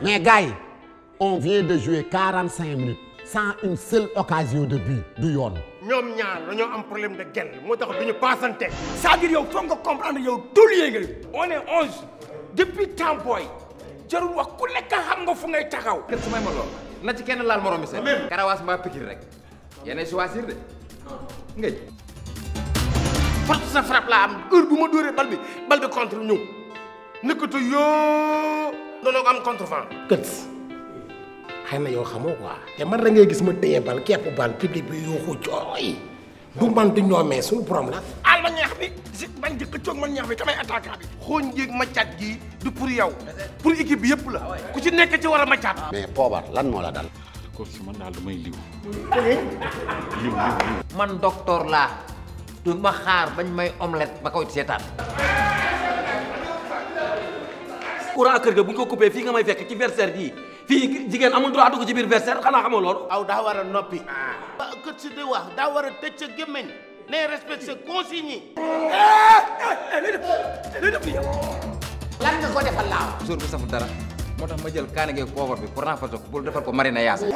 mais gars yi on vient de jouer quarante cinq minutes sans une seule occasion de but du yoon. ñoom ñaar dañoo am problème de gel moo tax du ñu paasante. c'est-à-dire yow foog nga comprendre yow tout lié nga. depuis temps booy jarul wax ku nekk xam nga fu ngay taxaw. kër su may ma lool na ci kenn laal morom mi seen. karawaas mbaa pikir rek yéenay choisir de ngay. force sa frappe laa am heure bu ma dóoree bal bi bal bi contre ñëw nekkatu yoo. doo ko am contrevent. kët xëy na yow xamoo quoi te man da ngay gis ma téye bal képp bal public bi yuuxu jooy du man du ñoomee suñu borom la. al ma ñaax bi si man di xëccoog man ñaax bi tamay attaquant xooñ jéeg maccaat gi du pour yow pour équipe bi yëpp la ku ci nekk ci war a maccaat. mais poobar lan moo la dal. ko si man daal damay liw. liw liw laa du ma xaar bañ may omelette ba koy seetaan. courant kër ga bu ko coupé fii nga may fekk ci versaire bii fii jigéen amul droit dugg ci biir versaire xanaa xamoo loolu. aw daa war a noppi. ah kër si di wax daa war a tëj sa gémmiñ nay respecté sa consigne yi. lan nga bu safu dara moo tax ma jël kaani geeg poobar bi pour renforcer ko pour defal ko marina yaasa.